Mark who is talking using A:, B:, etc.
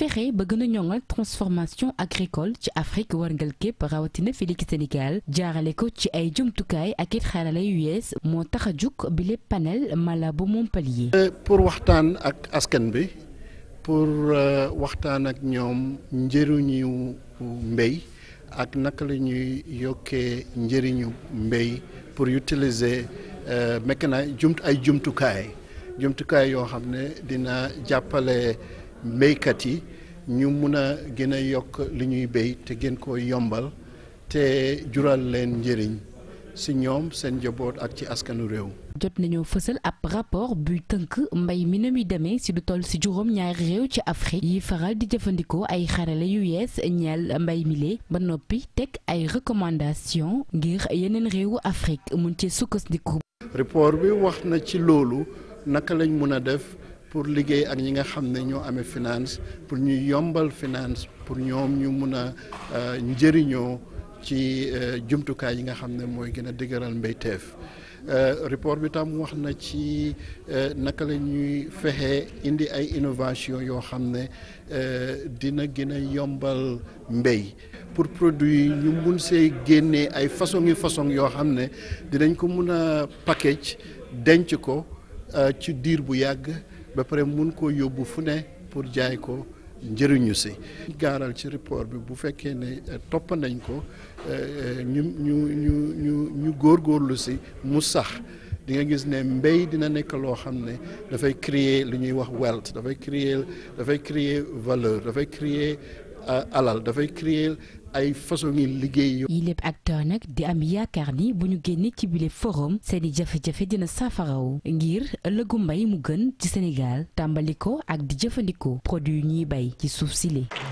A: fexe ba gën a ñoŋal transformation agricole ci Afrique warngal képp rawatina fii ci Sénégal jaarale ko ci ay jumtukaay ak it xarala yu yees moo tax a jug bi lépp panel mala bu Montpellier.
B: Euh, pour waxtaan ak askan bi pour euh, waxtaan ak ñoom njëriñu mbéy ak naka la ñuy yokkee njëriñu mbéy pour utiliser euh, mekk na ay jumtukaay jumtukaay yoo xam ne dina jàppale. béykat yi ñu mun a gën a yokk li ñuy béy te gën ko yombal te jural leen njëriñ si ñoom seen njaboot ak ci askanu réew.
A: jot nañoo fësal ab rapport buy tënk mbay mi na muy demee si lu toll si juróom ñaari réew ci Afrique yi faral di jëfandikoo ay xarale yu yees ñeel mbay mile ba noppi tek ay recommandations ngir yeneen réewu Afrique mun ci sukkandiku.
B: rapport bi wax na ci loolu naka lañ mun a def. pour liggéey ak ñi nga xam ne ñoo amee finance pour ñu yombal finance pour ñoom ñu mun a euh, njëriñoo ci euh, jumtukaay yi nga xam ne mooy gën a dëgëral mbéyteef euh, report bi tam wax na ci naka la ñuy fexe indi ay innovation yoo xam ne dina gën a yombal mbéy pour produit yi ñu mun see génnee ay façon yi façon yoo xam ne dinañ ko mun a package denc ko ci diir bu yàgg ba pare mun koo yóbbu fu ne pour jaay ko njëriñu si gaaral ci report bi bu fekkee ne eh, topp nañ ko eh, ñu ñu ñu ñu ñu góorgóorlu si mu sax dinga gis ne mbéy dina nekk loo xam ne dafay créer lu ñuy wax wealth dafay créer dafay créer valeur dafay créer eh, alal dafay créer ay façon yi lépp
A: acteur nag di am yaakaar ni bu ñu génnee ci bile forum seen i jafe-jafe dina saafaraw ngir ëllëgu mbay mu gën ci Sénégal tàmbali ko ak di jëfandikoo produit ñuy bay ci suuf si